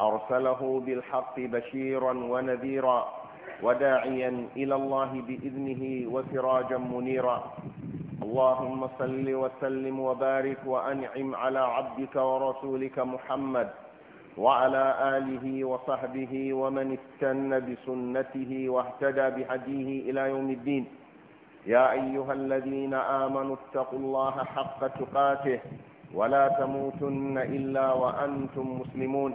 أرسله بالحق بشيرا ونذيرا وداعيا إلى الله بإذنه وسراجا منيرا اللهم صل وسلم وبارك وأنعم على عبدك ورسولك محمد وعلى آله وصحبه ومن استن بسنته واهتدى بهديه إلى يوم الدين يا أيها الذين آمنوا اتقوا الله حق تقاته ولا تموتن إلا وأنتم مسلمون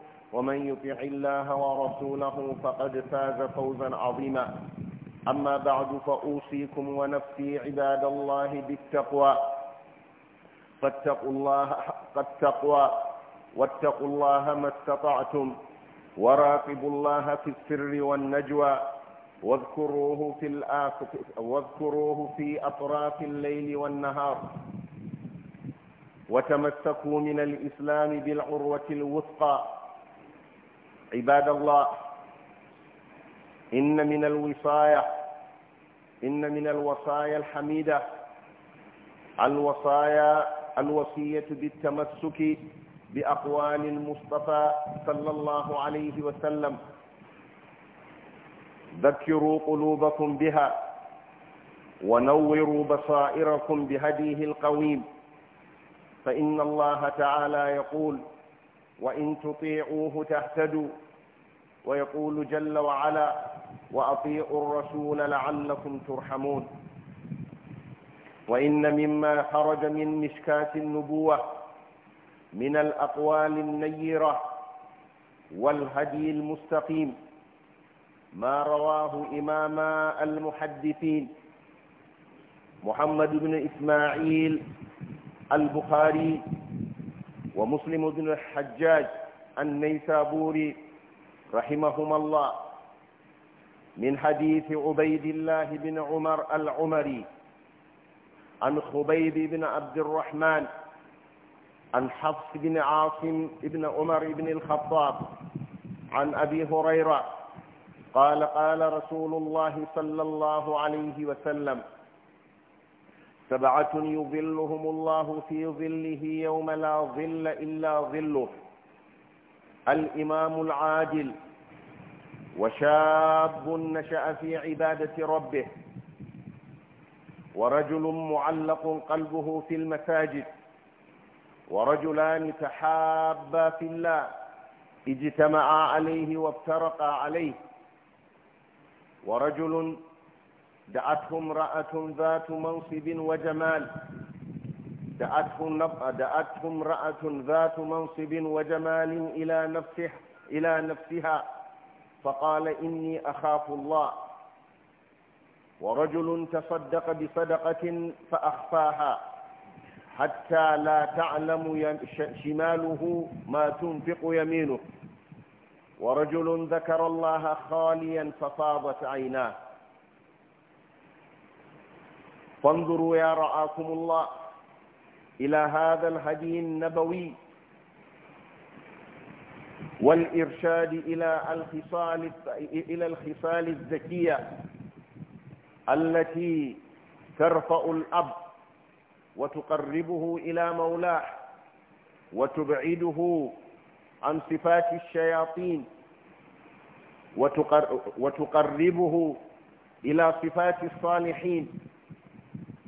ومن يطع الله ورسوله فقد فاز فوزا عظيما أما بعد فأوصيكم ونفسي عباد الله بالتقوى فاتقوا الله حق التقوى واتقوا الله ما استطعتم وراقبوا الله في السر والنجوى واذكروه في الاخر واذكروه في أطراف الليل والنهار وتمسكوا من الإسلام بالعروة الوثقى عباد الله إن من الوصايا إن من الوصايا الحميدة الوصايا الوصية بالتمسك بأقوال المصطفى صلى الله عليه وسلم ذكروا قلوبكم بها ونوروا بصائركم بهديه القويم فإن الله تعالى يقول وإن تطيعوه تهتدوا ويقول جل وعلا وأطيعوا الرسول لعلكم ترحمون وإن مما خرج من مشكاة النبوة من الأقوال النيرة والهدي المستقيم ما رواه إمام المحدثين محمد بن إسماعيل البخاري ومسلم بن الحجاج النيسابوري رحمهما الله من حديث عبيد الله بن عمر العمري عن خبيب بن عبد الرحمن عن حفص بن عاصم بن عمر بن الخطاب عن أبي هريرة قال قال رسول الله صلى الله عليه وسلم سبعة يظلهم الله في ظله يوم لا ظل إلا ظله الإمام العادل وشاب نشأ في عبادة ربه ورجل معلق قلبه في المساجد ورجلان تحابا في الله اجتمعا عليه وافترقا عليه ورجل دعتهم امرأة ذات منصب وجمال دعتهم دعتهم امرأة ذات منصب وجمال إلى نفسه إلى نفسها فقال إني أخاف الله ورجل تصدق بصدقة فأخفاها حتى لا تعلم شماله ما تنفق يمينه ورجل ذكر الله خاليا ففاضت عيناه فانظروا يا رعاكم الله إلى هذا الهدي النبوي والإرشاد إلى الخصال إلى الخصال الذكية التي ترفع الأب وتقربه إلى مولاه وتبعده عن صفات الشياطين وتقربه إلى صفات الصالحين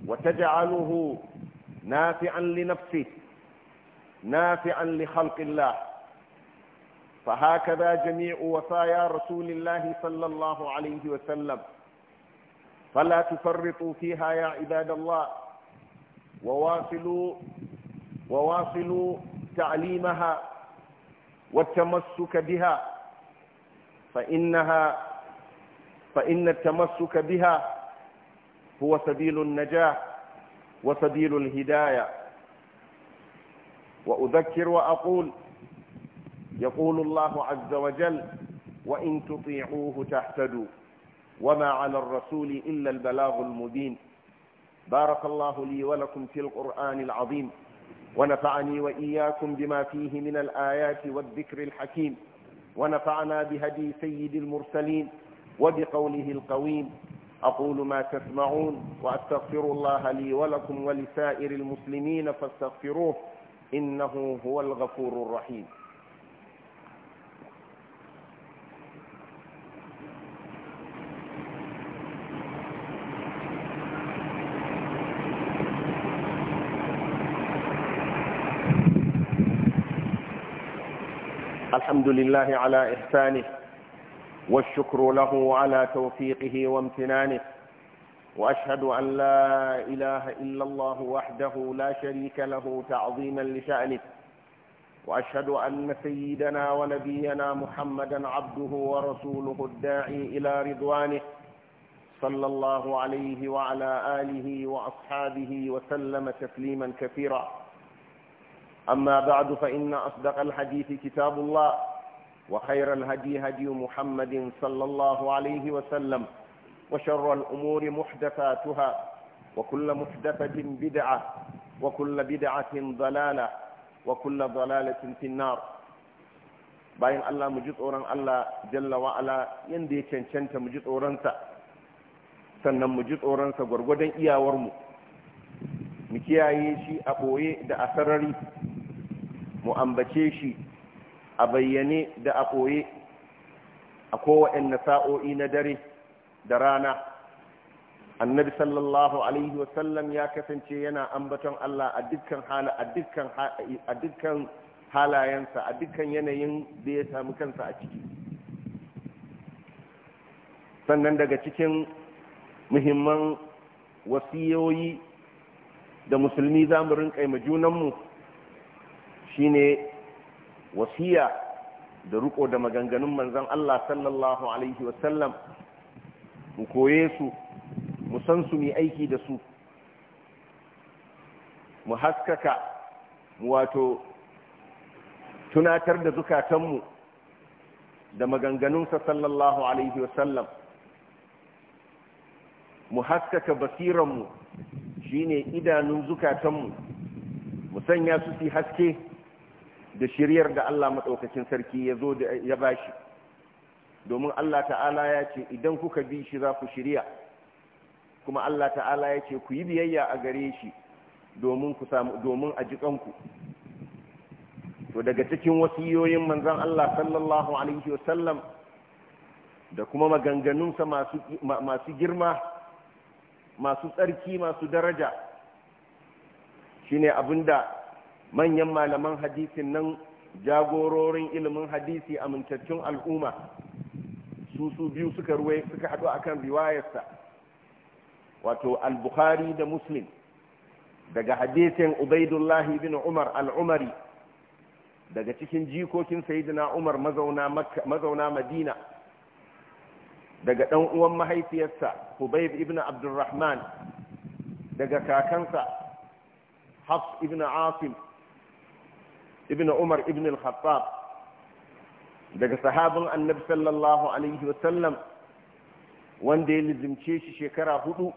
وتجعله نافعا لنفسه نافعا لخلق الله فهكذا جميع وصايا رسول الله صلى الله عليه وسلم فلا تفرطوا فيها يا عباد الله وواصلوا وواصلوا تعليمها والتمسك بها فإنها فإن التمسك بها هو سبيل النجاة وسبيل الهداية وأذكر وأقول يقول الله عز وجل وإن تطيعوه تهتدوا وما على الرسول إلا البلاغ المبين بارك الله لي ولكم في القرآن العظيم ونفعني وإياكم بما فيه من الآيات والذكر الحكيم ونفعنا بهدي سيد المرسلين وبقوله القويم أقول ما تسمعون وأستغفر الله لي ولكم ولسائر المسلمين فاستغفروه إنه هو الغفور الرحيم الحمد لله على إحسانه والشكر له على توفيقه وامتنانه وأشهد أن لا إله إلا الله وحده لا شريك له تعظيما لشأنه وأشهد أن سيدنا ونبينا محمدا عبده ورسوله الداعي إلى رضوانه صلى الله عليه وعلى آله وأصحابه وسلم تسليما كثيرا أما بعد فإن أصدق الحديث كتاب الله وخير الهدي هدي محمد صلى الله عليه وسلم وشر الأمور محدثاتها وكل محدثة بدعة وكل بدعة ضلالة وكل ضلالة في النار بين الله مجد أوران الله جل وعلا يندي شن شن مجد أوران تا سنن مجد أوران تا غرغدن إيا ورمو مكيا يشي أبوي دا أسرري مؤمبتيشي a bayyane da a ɓoye a na sa'o'i na dare da rana annabi sallallahu alaihi wasallam ya kasance yana ambaton Allah a dukkan halayensa a dukkan yanayin da ya sami kansa a ciki sannan daga cikin muhimman wasiyoyi da musulmi za mu rinƙa ma junanmu shine wasiya da riko da maganganun manzan Allah sallallahu alaihi wasallam mu koye su mu san su mai aiki da su mu haskaka mu wato tunatar da zukatanmu da maganganunsa sallallahu alaihi wasallam mu haskaka basiranmu shi ne idanun zukatanmu mu sanya su fi haske da shiryar da Allah matsaukacin sarki ya zo da ya bashi domin Allah ta'ala ya ce idan kuka bi shi za ku shirya kuma Allah ta'ala ya ce ku yi biyayya a gare shi domin domin a jikanku to daga cikin wasiyoyin manzon Allah sallallahu alaihi wasallam da kuma maganganunsa masu girma masu tsarki masu daraja shine abinda manyan malaman hadisin nan jagororin ilimin hadisi amintattun al'umma su su biyu suka ruwai suka haɗu riwayarsa wato al-bukhari da muslim daga hadisin Ubaidullahi ibn umar al-umari daga cikin jikokin sayyidina umar mazauna madina daga ɗan uwan mahaifiyarsa hubaib ibn abdurrahman daga kakansa hafs ibn asim ibn umar ibn al daga sahabin annabi sallallahu alaihi wasallam wanda ya lizimce shi shekara hudu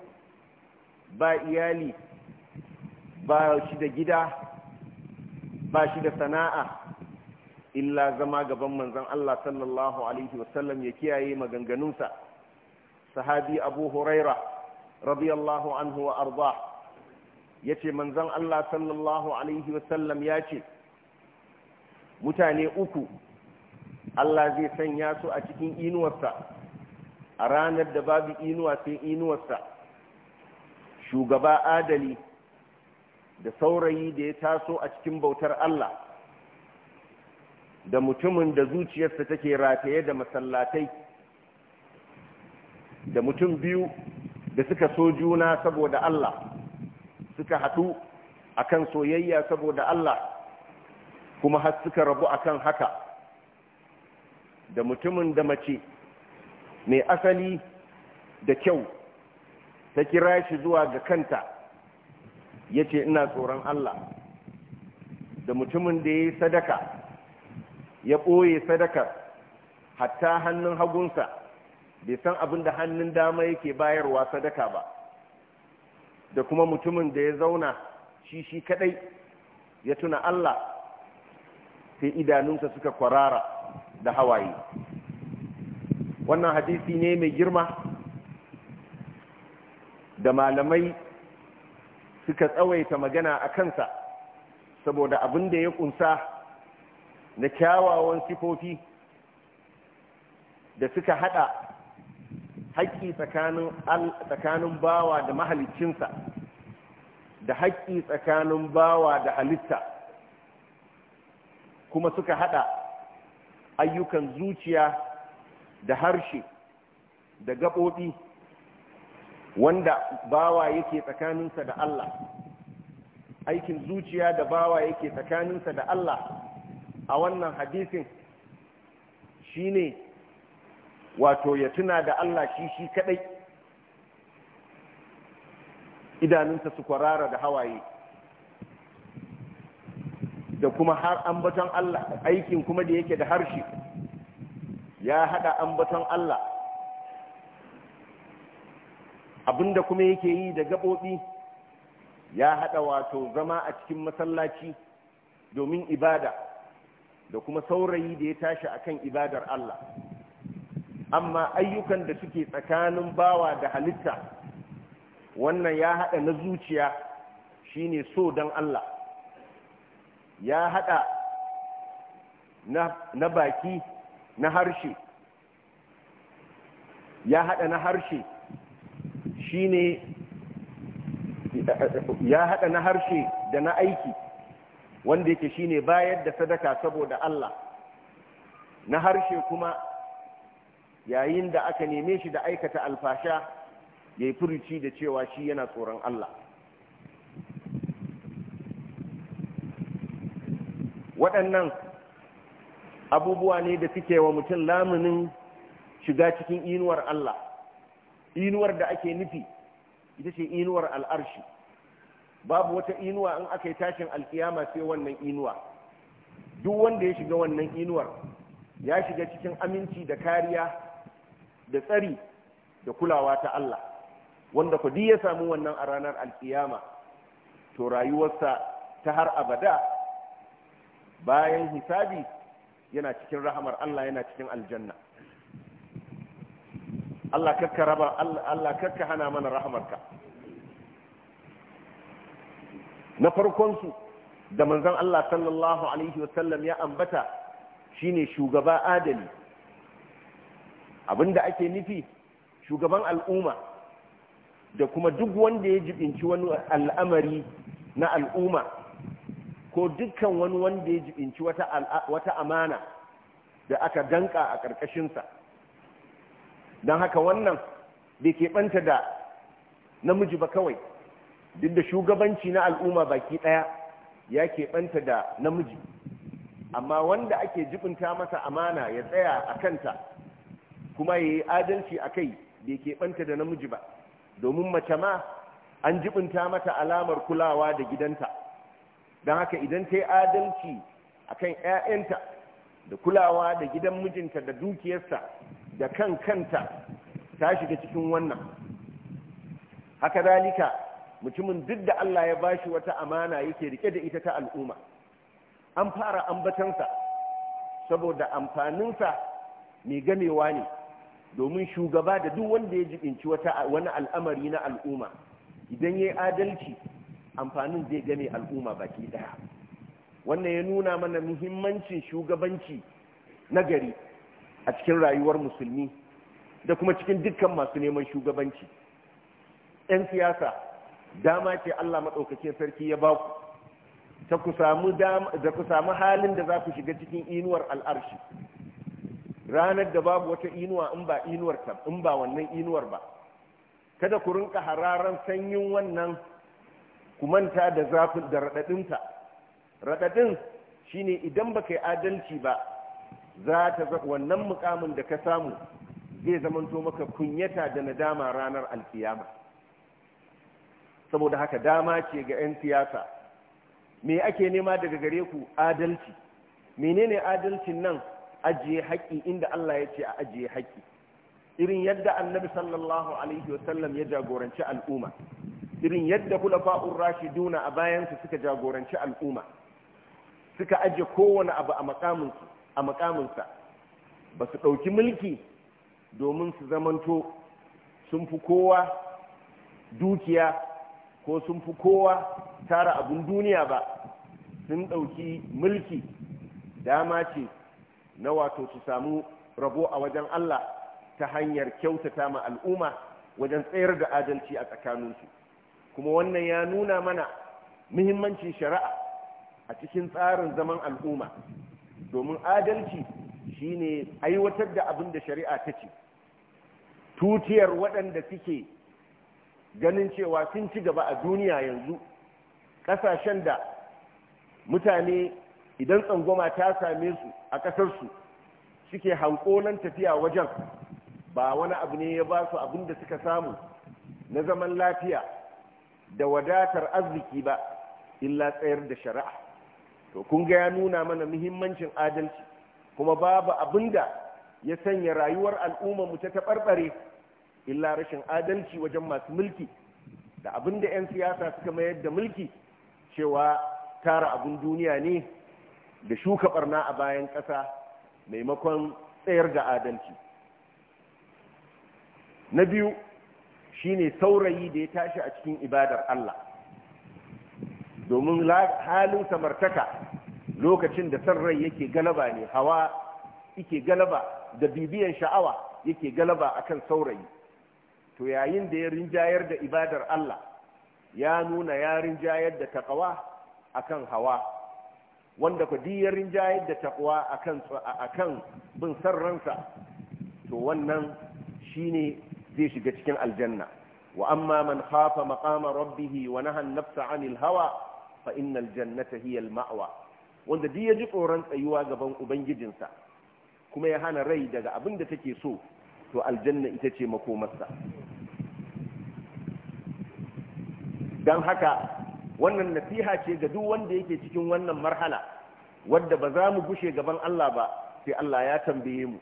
ba iyali ba shi da gida ba shi da sana'a illa zama gaban manzan Allah sallallahu alaihi wasallam ya kiyaye maganganunsa sahabi abu huraira radiyallahu anhu wa arda yace manzon Allah sallallahu alaihi wasallam ya ce mutane uku Allah zai sanya su a cikin inuwarsa a ranar da babu inuwa sai inuwarsa shugaba adali da saurayi da ya taso a cikin bautar Allah da mutumin da zuciyarsa take rataye da masallatai da mutum biyu da suka so juna saboda Allah suka haɗu akan soyayya saboda Allah kuma har suka rabu a kan haka da mutumin da mace mai asali da kyau ta kira shi zuwa ga kanta ya ce ina tsoron Allah da mutumin da ya yi sadaka ya ɓoye sadakar hatta hannun hagunsa bai san abin da hannun dama yake bayarwa sadaka ba da kuma mutumin da ya zauna shi shi kadai ya tuna Allah sai idanunsa suka kwarara da hawaye wannan hadisi ne mai girma da malamai suka tsawaita magana a kansa saboda abin da ya kunsa na kyawawan sifofi da suka hada haƙƙi tsakanin bawa da mahalicinsa da haƙƙi tsakanin bawa da halitta kuma suka hada ayyukan zuciya da harshe da gaɓoɓi wanda bawa yake tsakaninsa da Allah aikin zuciya da bawa yake tsakaninsa da Allah a wannan hadisin shine wato ya tuna da Allah shi shi kadai idanunsa su kwarara da hawaye da kuma har ambaton Allah aikin kuma da yake da harshe ya hada ambaton Allah abinda kuma yake yi da gabobi ya hada wato zama a cikin masallaci domin ibada da kuma saurayi da ya tashi akan ibadar Allah amma ayyukan da suke tsakanin bawa da halitta wannan ya hada na zuciya shine so don Allah ya hada na baki na harshe ya haɗa na harshe shine ya hada na harshe da na aiki wanda yake shine bayar da sadaka saboda Allah na harshe kuma yayin da aka neme shi da aikata alfasha ya yi furuci da cewa shi yana tsoron Allah waɗannan abubuwa ne da suke wa mutum lamunin shiga cikin inuwar Allah inuwar da ake nufi ita ce inuwar al'arshi babu wata inuwa in aka yi tashin alkiyama sai wannan inuwa duk wanda ya shiga wannan inuwar ya shiga cikin aminci da kariya da tsari da kulawa ta Allah wanda kudi ya samu wannan a ranar alkiyama to rayuwarsa ta har abada bayan hisabi yana cikin rahamar Allah yana cikin aljanna Allah karka raba Allah hana mana rahamarka na farkon su da manzon Allah sallallahu alaihi wasallam ya ambata shine shugaba adali abinda ake nufi shugaban al'umma da kuma duk wanda ya jibinci wani al'amari na al'umma ko dukkan wani wanda ya jibinci wata amana da aka danka a ƙarƙashinsa don haka wannan ke ɓanta da namiji ba kawai duk da shugabanci na al'umma baki ɗaya ya keɓanta da namiji amma wanda ake jibinta masa amana ya tsaya a kanta kuma ya yi adalci a kai bai keɓanta da namiji ba domin mace ma an jibinta mata alamar kulawa da gidanta don haka idan ta yi adalci a kan 'ya'yanta da kulawa da gidan mijinta da dukiyarsa da kan kanta ta shiga cikin wannan haka zalika mutumin duk da Allah ya bashi wata amana yake rike da ita ta al'umma an fara ambatansa saboda amfaninsa mai gamewa ne domin shugaba da duk wanda ya jibinci wani al'amari na al'umma idan ya yi adalci amfanin zai gane al'umma baki daya wannan ya nuna mana muhimmancin shugabanci na gari a cikin rayuwar musulmi da kuma cikin dukkan masu neman shugabanci 'yan siyasa dama ce allah maɗaukacin sarki ya ba ku da ku samu halin da za ku shiga cikin inuwar al'arshi ranar da babu wata inuwa in ba in ba wannan inuwar ba kada ku rinka hararan sanyin wannan ku manta da zafin da raɗaɗinta raɗaɗin shine idan baka yi adalci ba za ta wannan mukamin da ka samu zai zamanto maka kunyata da nadama ranar alkiyama saboda haka dama ce ga 'yan siyasa me ake nema daga gare ku adalci menene adalcin nan ajiye haƙƙi inda Allah ya ce a ajiye haƙƙi irin yadda annabi sallallahu alaihi wasallam ya jagoranci al'umma irin yadda kula rashi duna a bayansu suka jagoranci al'umma suka ajiye kowane abu a makaminsa ba su ɗauki mulki domin su zamanto sun fi kowa dukiya ko sun fi kowa tara abin duniya ba sun ɗauki mulki dama ce na wato su samu rabo a wajen Allah ta hanyar kyautata ma al'umma wajen tsayar da adalci a tsakaninsu kuma wannan ya nuna mana muhimmancin shari'a a cikin tsarin zaman al'umma domin adalci shine aiwatar da abin da shari'a ta ce tutiyar waɗanda suke ganin cewa sun ci gaba a duniya yanzu ƙasashen da mutane idan tsangwama ta same su a ƙasarsu suke hankolan tafiya wajen ba wani abu ne ya ba su abin da suka samu na zaman lafiya da wadatar arziki ba illa tsayar da shari'a to kun ga ya nuna mana muhimmancin adalci kuma babu abin da ya sanya rayuwar al'umma mu ta taɓarɓare illa rashin adalci wajen masu mulki da abinda 'yan siyasa suka mayar da mulki cewa tara abin duniya ne da shuka barna a bayan ƙasa maimakon tsayar da adalci na biyu shine saurayi da ya tashi a cikin ibadar Allah domin halin samartaka lokacin da san rai yake galaba ne hawa yake galaba da bibiyan sha'awa yake galaba akan saurayi to yayin da ya rinjayar da ibadar Allah ya nuna ya rinjayar da taqwa akan hawa wanda ku di ya rinjayar da taqwa akan akan bin sarransa to wannan shine zai shiga cikin aljanna wa amma man khafa maqama rabbih wa naha an-nafsa 'anil hawa fa innal jannata hiya al-ma'wa wanda duk ya ji tsoron tsayuwa gaban ubangijinsa kuma ya hana rai daga abin da take so to aljanna ita ce makomarsa dan haka wannan nasiha ce ga duk wanda yake cikin wannan marhala wadda ba za mu gushe gaban Allah ba sai Allah ya tambaye mu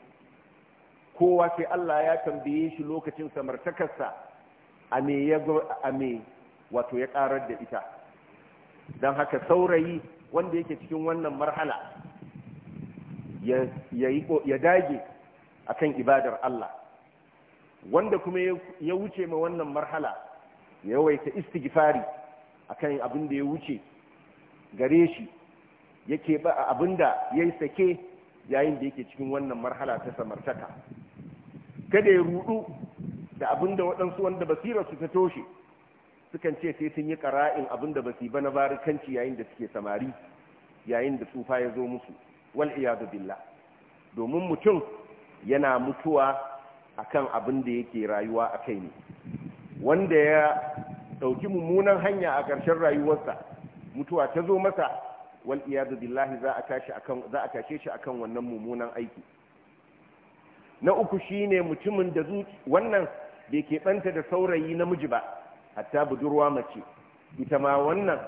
kowa sai Allah ya tambaye shi lokacin samartakarsa a me ya a me wato ya karar da ita don haka saurayi wanda yake cikin wannan marhala ya dage akan ibadar Allah wanda kuma ya wuce ma wannan marhala ya yawaita istighfari akan abin da ya wuce gare shi yake ba abin da ya yi sake yayin da yake cikin wannan marhala ta samartaka kada ya rudu da abinda waɗansu wanda basira su ta toshe sukan ce sai sun yi ƙara'in abinda ba basi ba na barikanci yayin da suke samari yayin da tsufa ya zo musu wal iyadu billah domin mutum yana mutuwa akan abin da yake rayuwa a kai ne wanda ya ɗauki mummunan hanya a ƙarshen rayuwarsa mutuwa ta zo masa wal iyadu billahi za a tashi akan za a tashe shi akan wannan mummunan aiki na uku shine mutumin da zuci wannan bai keɓanta da saurayi namiji ba hatta budurwa mace ita ma wannan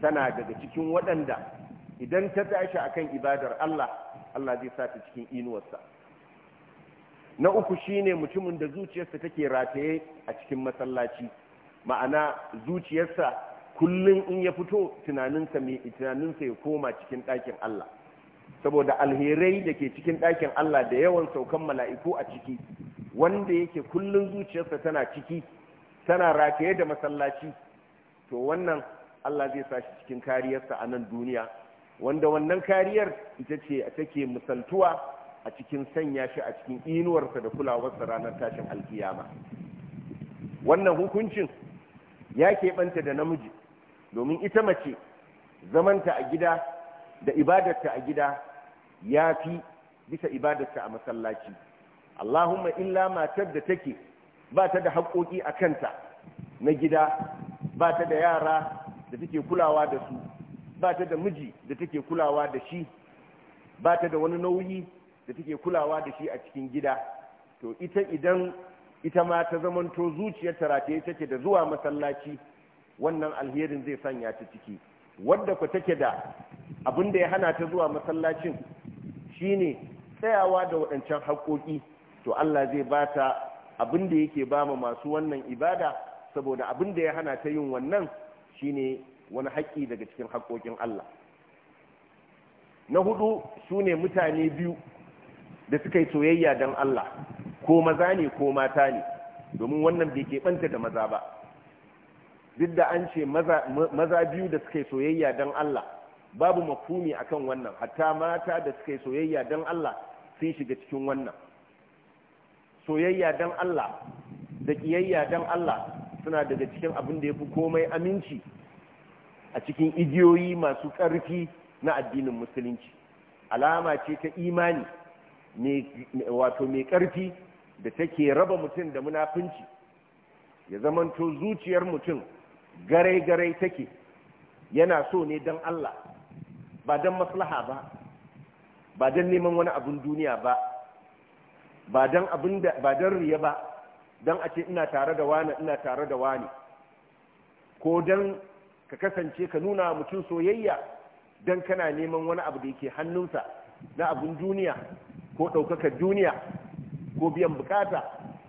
tana daga cikin waɗanda idan ta tashi a kan ibadar Allah Allah zai sa ta cikin inuwarsa na uku shine mutumin da zuciyarsa take rataye a cikin masallaci ma'ana zuciyarsa kullum in ya fito tunaninsa ya koma cikin ɗakin Allah saboda alherai da ke cikin ɗakin Allah da yawan saukan mala'iku a ciki wanda yake kullum zuciyarsa tana ciki tana rataye da masallaci to wannan Allah zai sa shi cikin kariyarsa a nan duniya wanda wannan kariyar ita ce take misaltuwa a cikin sanya shi a cikin inuwarsa da kulawarsa ranar tashin alkiyama wannan hukuncin ya keɓanta da namiji domin ita mace zamanta a gida da ibadarta a gida ya fi bisa ibadarsa a masallaci Allahumma illa matar da take ba ta da haƙoƙi a kanta na gida ba ta da yara da take kulawa da su ba ta da miji da take kulawa da shi ba ta da wani nauyi da take kulawa da shi a cikin gida to ita idan ita ma ta zamanto zuciyar ta take da zuwa masallaci wannan alherin zai sanya ta ciki wadda ku take da abin da ya hana ta zuwa masallacin shine tsayawa da waɗancan haƙoƙi to Allah zai bata abin da yake ba ma masu wannan ibada saboda abin da ya hana ta yin wannan shine wani haƙƙi daga cikin haƙoƙin Allah na hudu su ne mutane biyu da suka yi soyayya don Allah ko maza ne ko mata ne domin wannan bai keɓanta da maza ba duk da an ce maza biyu da suka yi soyayya don Allah babu a akan wannan hatta mata da suka yi soyayya dan Allah sun shiga cikin wannan soyayya dan Allah da kiyayya dan Allah suna daga cikin abin da fi komai aminci a cikin igiyoyi masu ƙarfi na addinin musulunci alama ce ta imani wato mai ƙarfi da take raba mutum da munafunci ya zamanto zuciyar mutum gare-gare garai take yana so ne don Allah ba don maslaha ba ba don neman wani abin duniya ba ba don riya ba don a ce ina tare da wani ina tare da wani ko don ka kasance ka nuna mutum soyayya don kana neman wani abu da yake hannunsa na abin duniya ko ɗaukakar duniya ko biyan bukata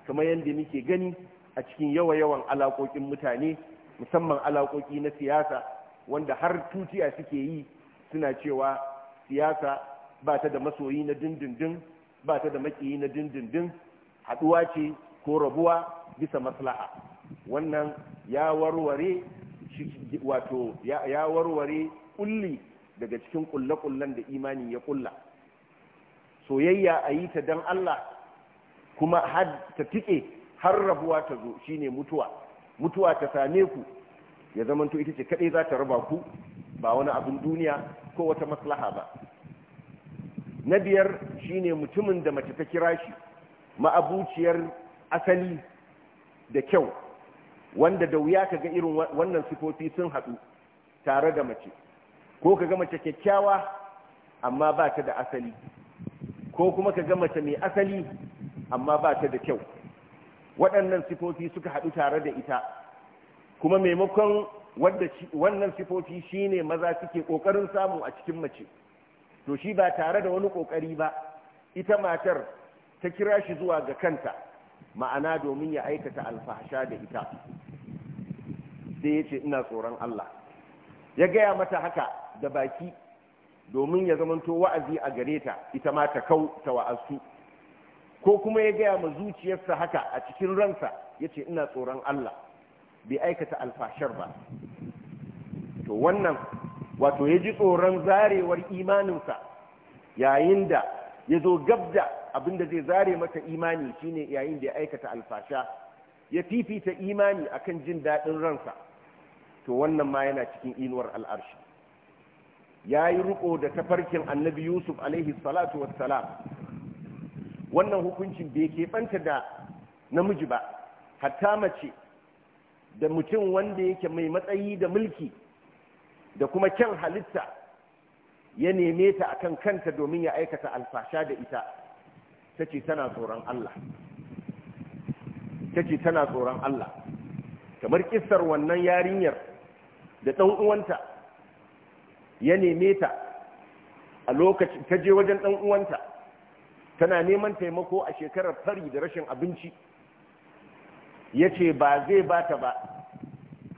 kamar yadda muke gani a cikin yawa-yawan alaƙoƙin mutane musamman alaƙoƙi na siyasa wanda har tutiya suke yi suna cewa siyasa ba ta da masoyi na dindindin ba ta da makiyi na dindindin haduwa ce ko rabuwa bisa maslaha wannan ya warware wato ya warware kulli daga cikin kulle-kullen da imani ya kulla soyayya a yi ta don Allah kuma ta tike har rabuwa ta zo shine mutuwa mutuwa ta same ku ya zamanto ita ce kadai za ta raba ku ba wani abin duniya ko wata maslaha ba na biyar shine mutumin da mace ta kira shi ma'abuciyar asali da kyau wanda da wuya kaga irin wannan sifofi sun haɗu tare da mace ko kaga mace kyakkyawa amma ba ta da asali ko kuma kaga mace mai asali amma ba ta da kyau waɗannan sifofi suka haɗu tare da ita kuma maimakon wanda wannan sifofi shine maza suke kokarin samu a cikin mace to shi ba tare da wani kokari ba ita matar ta kira shi zuwa ga kanta ma'ana domin ya aikata alfahasha da ita sai ya ce ina tsoron Allah ya gaya mata haka da baki domin ya zamanto wa'azi a gare ta ita ma ta kau ta wa'azu ko kuma ya gaya ma zuciyarsa haka a cikin ransa ya ce ina tsoron Allah bai aikata alfashar ba to wannan wato ya ji tsoron zarewar imaninsa yayin da ya zo gab da abin da zai zare mata imani shine yayin da ya aikata alfasha ya fifita imani akan jin daɗin ransa to wannan ma yana cikin inuwar al'arshi ya yi riko da tafarkin annabi yusuf alaihi salatu wassalam wannan hukuncin bai keɓanta da namiji ba hatta mace da mutum wanda yake mai matsayi da mulki da kuma kyan halitta ya neme ta a kan kanta domin ya aikata alfasha da ita ta ce tana tsoron Allah kamar kisar wannan yarinyar da ɗan ya neme ta a lokaci ta je wajen ɗan uwanta tana neman taimako a shekarar fari da rashin abinci ya ce ba zai ba ta ba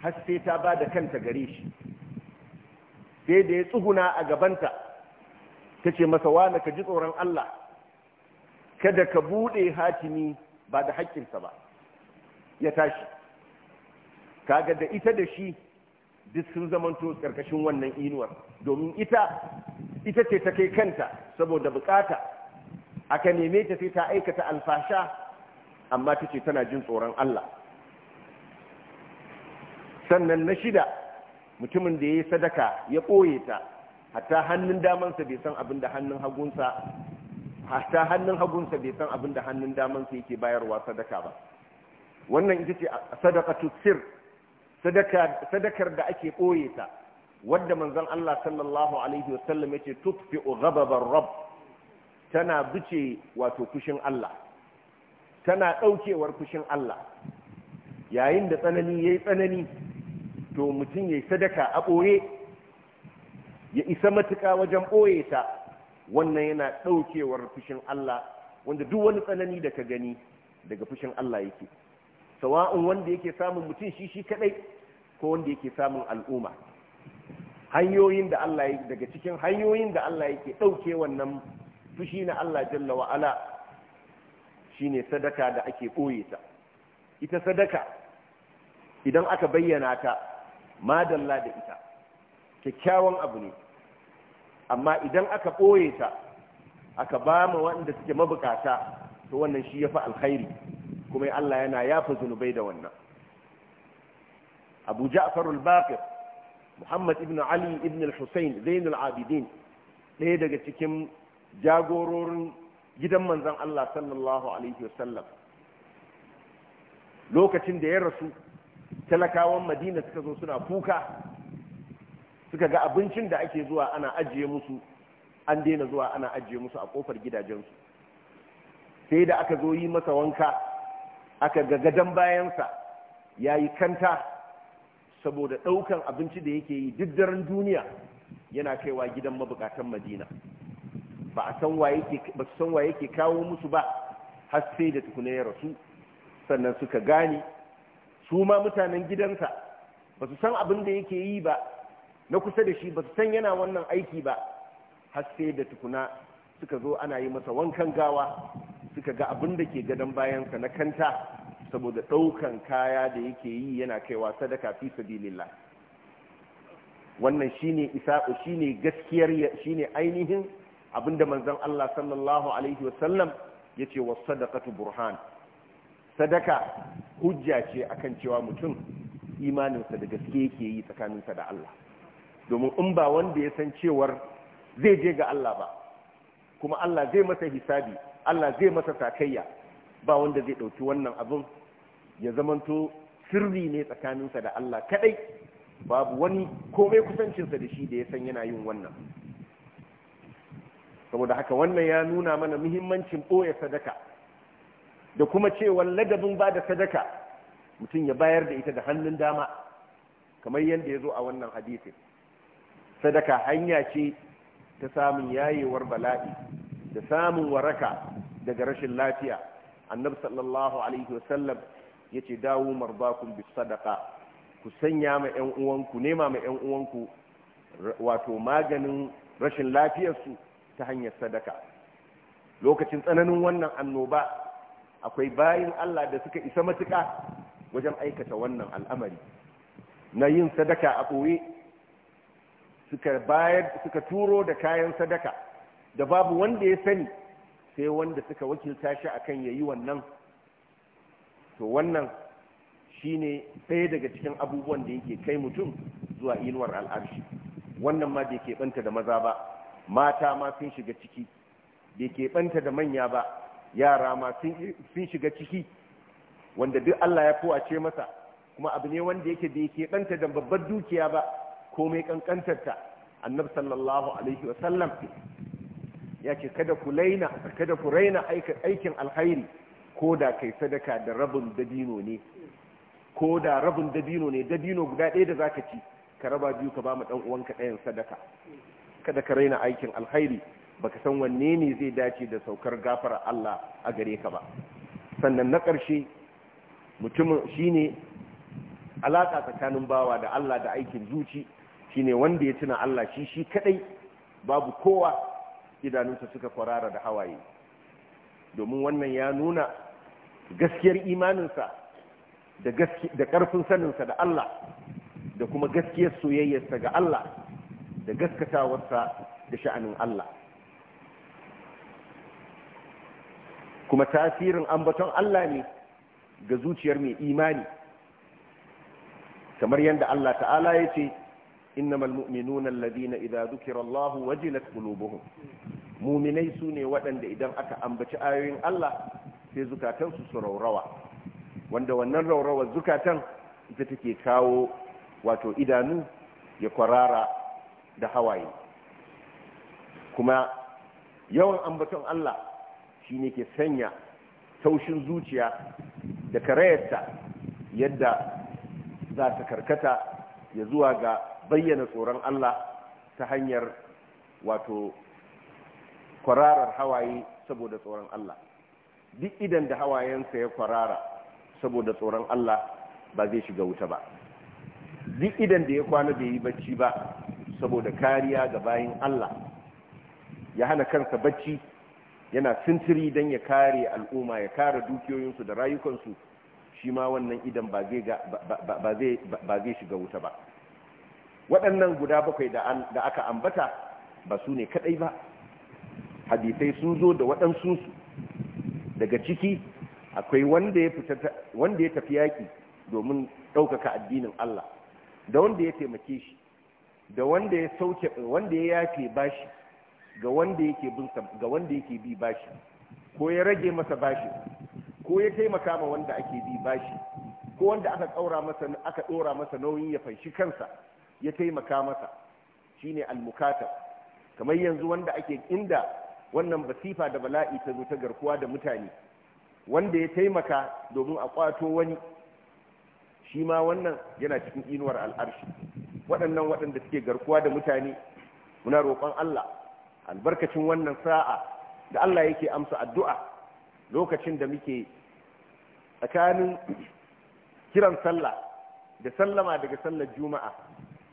har sai ta ba da kanta gare shi sai da ya tsuguna a gabanta ta ce masa wane ka ji tsoron Allah kada ka buɗe hatimi ba da haƙƙinsa ba ya tashi kaga da ita da shi duk sun zamanto ƙarƙashin wannan inuwar domin ita ita ce ta kai kanta saboda bukata aka neme ta sai ta aikata alfasha amma ta ce tana jin tsoron Allah sannan na shida mutumin da ya yi sadaka ya ɓoye ta hatta hannun damansa bai san abin da hannun hagunsa hatta hannun hagunsa bai san abin da hannun damansa yake bayarwa sadaka ba wannan ita ce sadaqatu sir sadakar da ake ɓoye ta wadda manzon Allah sallallahu alaihi wasallam yace tutfi'u ghadabar rabb tana bice wato kushin Allah tana ɗaukewar fushin Allah yayin da tsanani ya yi tsanani to mutum ya yi sadaka a ɓoye ya isa matuka wajen ɓoye ta wannan yana ɗaukewar fushin Allah wanda duk wani tsanani da ka gani daga fushin Allah yake sawa'un wanda yake samun mutum shi shi kaɗai ko wanda yake samun al'umma hanyoyin da Allah daga cikin hanyoyin da Allah yake ɗauke wannan fushi na Allah jalla wa'ala shine sadaka da ake ɓoye ta ita sadaka idan aka bayyana ta madalla da ita kyakkyawan abu ne amma idan aka ɓoye ta aka ba mu waɗanda suke mabukata to wannan shi ya fi alkhairi kuma Allah yana yafa zunubai da wannan abu ja'far al-baqir muhammad ibn ali ibn al-husayn abidin ɗaya daga cikin jagororin gidan manzon Allah sallallahu alaihi wasallam lokacin da ya rasu talakawan madina suka zo suna kuka suka ga abincin da ake zuwa ana ajiye musu an daina zuwa ana ajiye musu a kofar gidajensu sai da aka zo yi masa wanka aka ga gadon bayansa ya yi kanta saboda ɗaukan abinci da yake yi duk daren duniya yana kaiwa gidan mabukatan madina ba a san waye ke ba kawo musu ba har sai da tukuna ya rasu sannan suka gane su ma mutanen gidansa ba su san abin da yake yi ba na kusa da shi ba su san yana wannan aiki ba har sai da tukuna suka zo ana yi masa wankan gawa suka ga abin da ke gadon bayansa na kanta saboda ɗaukan kaya da yake yi yana kaiwa sadaka fi sabilillah wannan shine isa shine gaskiyar shine ainihin abinda manzon Allah sallallahu alaihi wasallam yace was sadaqatu burhan sadaka hujja ce akan cewa mutum imaninsa da gaske yake yi tsakaninsa da Allah domin in ba wanda ya san cewar zai je ga Allah ba kuma Allah zai masa hisabi Allah zai masa sakayya ba wanda zai ɗauki wannan abin ya zamanto sirri ne tsakaninsa da Allah kadai babu wani komai kusancinsa da shi da ya san yana yin wannan saboda haka wannan ya nuna mana muhimmancin ɓoye sadaka da kuma cewar ladabin ba da sadaka mutum ya bayar da ita da hannun dama kamar yadda ya zo a wannan hadisin sadaka hanya ce ta samun yayewar bala'i da samun waraka daga rashin lafiya annabi sallallahu alaihi wasallam ya ce dawo marbakun bi sadaka ku sanya ma 'yan uwanku nema ma 'yan uwanku wato maganin rashin lafiyarsu ta hanyar sadaka lokacin tsananin wannan annoba akwai bayin Allah da suka isa matuƙa wajen aikata wannan al'amari na yin sadaka a ɓoye suka bayar suka turo da kayan sadaka da babu wanda ya sani sai wanda suka wakilta shi akan yayi wannan to wannan shine ɗaya daga cikin abubuwan da yake kai mutum zuwa inuwar al'arshi wannan ma bai keɓanta da maza ba mata ma sun shiga ciki bai keɓanta da manya ba yara ma sun shiga ciki wanda duk Allah ya fi kowace masa kuma abu ne wanda yake bai keɓanta da babbar dukiya ba komai ƙanƙantarta? annab sallallahu alaihi wasallam ya ce kada ku laina kada ku raina aikin alkhairi ko da kai sadaka da rabin dabino ne ko da rabin dabino ne dabino guda ɗaya da zaka ci ka raba biyu ka ba mu ɗan uwanka ɗayan sadaka kada ka raina aikin alkhairi baka san wanne ne zai dace da saukar gafara Allah a gare ka ba sannan na ƙarshe mutumin shine alaka tsakanin bawa da Allah da aikin zuci shine wanda ya tuna Allah shi shi kadai babu kowa idanunsa suka kwarara da hawaye domin wannan ya nuna gaskiyar imaninsa da ƙarfin saninsa da Allah da kuma gaskiyar soyayyarsa ga Allah da gaskatawarsa da sha'anin Allah kuma tasirin ambaton Allah ne ga zuciyar mai imani kamar yadda Allah ta'ala ya ce innamal mu'minuna alladhina idza dhukira Allah wajilat qulubuhum mu'minai sune waɗanda idan aka ambaci ayoyin Allah sai zukatansu su raurawa wanda wannan raurawar zukatan ita take kawo wato idanu ya kwarara da hawaye kuma yawan ambaton Allah shi ne ke sanya taushin zuciya da karayarta yadda za ta karkata ya zuwa ga bayyana tsoron Allah ta hanyar wato kwararar hawaye saboda tsoron Allah duk idan da hawayensa ya kwarara saboda tsoron Allah ba zai shiga wuta ba duk idan da ya kwana bai yi bacci ba saboda kariya ga bayan Allah ya hana kansa bacci yana sintiri don ya kare al'umma ya kare dukiyoyinsu da rayukansu shi ma wannan idan ba zai shiga wuta ba waɗannan guda bakwai da aka ambata ba su ne kaɗai ba hadisai sun zo da waɗansu daga ciki akwai wanda ya tafi yaƙi domin ɗaukaka addinin Allah da wanda ya taimake shi da wanda ya sauke wanda ya yafe bashi ga wanda yake bin ga wanda yake bi bashi ko ya rage masa bashi ko ya taimaka ma wanda ake bi bashi ko wanda aka tsaura masa aka dora masa nauyin ya fanshi kansa ya taimaka masa shine al-mukatab kamar yanzu wanda ake inda wannan basifa da bala'i ta zo ta garkuwa da mutane wanda ya taimaka domin a kwato wani shi ma wannan yana cikin inuwar al'arshi waɗannan waɗanda suke garkuwa da mutane muna roƙon Allah albarkacin wannan sa'a da Allah yake amsa addu'a lokacin da muke tsakanin kiran sallah da sallama daga sallar juma'a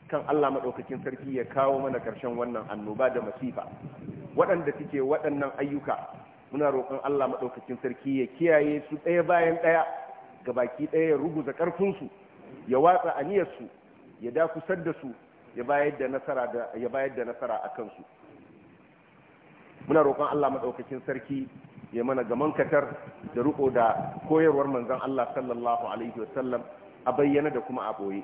kan Allah maɗaukakin sarki ya kawo mana ƙarshen wannan annoba da masifa waɗanda suke waɗannan ayyuka muna roƙon Allah maɗaukakin sarki ya kiyaye su ɗaya bayan ɗaya ga baki ɗaya ya ruguza ƙarfinsu ya watsa aniyarsu ya dakusar da su ya bayar da nasara a ya bayar da nasara a kansu muna roƙon Allah maɗaukakin sarki ya mana gaman katar da ruƙo da koyarwar manzon Allah sallallahu alaihi wasallam a bayyana da kuma a ɓoye.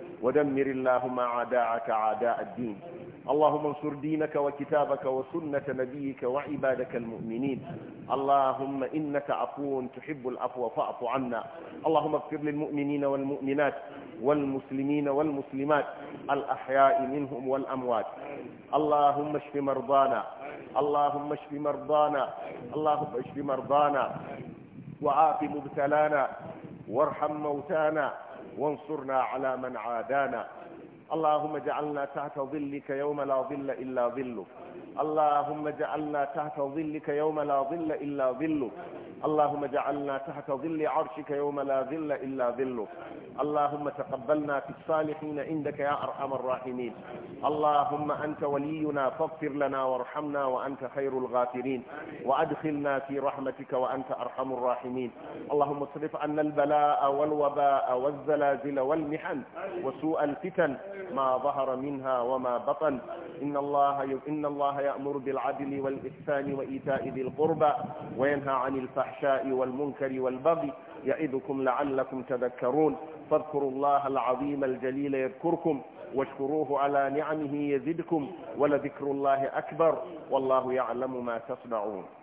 ودمر اللهم عداءك عداء الدين اللهم انصر دينك وكتابك وسنة نبيك وعبادك المؤمنين اللهم إنك عفو تحب العفو فاعف عنا اللهم اغفر للمؤمنين والمؤمنات والمسلمين والمسلمات الأحياء منهم والأموات اللهم اشف مرضانا اللهم اشف مرضانا اللهم اشف مرضانا وعاف مبتلانا وارحم موتانا وانصرنا على من عادانا اللهم اجعلنا تحت ظلك يوم لا ظل إلا ظلك اللهم اجعلنا تحت ظلك يوم لا ظل إلا ظلك اللهم اجعلنا تحت ظل عرشك يوم لا ظل إلا ظلك اللهم تقبلنا في الصالحين عندك يا أرحم الراحمين اللهم أنت ولينا فاغفر لنا وارحمنا وأنت خير الغافرين وأدخلنا في رحمتك وأنت أرحم الراحمين اللهم اصرف عنا البلاء والوباء والزلازل والمحن وسوء الفتن ما ظهر منها وما بطن إن الله إن الله يأمر بالعدل والإحسان وإيتاء ذي القربى وينهى عن الفحشاء الفحشاء والمنكر والبغي يعظكم لعلكم تذكرون فاذكروا الله العظيم الجليل يذكركم واشكروه على نعمه يزدكم ولذكر الله أكبر والله يعلم ما تصنعون